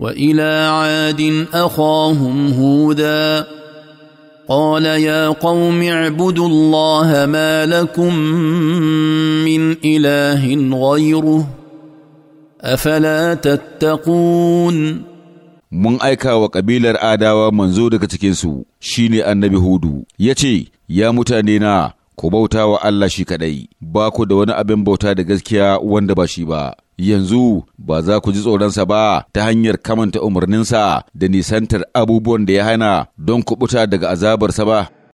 والى عاد اخاهم هودا قال يا قوم اعبدوا الله ما لكم من اله غيره افلا تتقون mun aika wa ƙabilar adawa manzo daga cikinsu shine annabi hudu ya ce ya mutane na ku bauta wa allah shi kaɗai ba ku da wani abin bauta da gaskiya wanda ba shi ba yanzu ba za ku ji tsoronsa ba ta hanyar kamanta umarninsa da nisantar abubuwan da ya hana don kubuta daga azabarsa ba.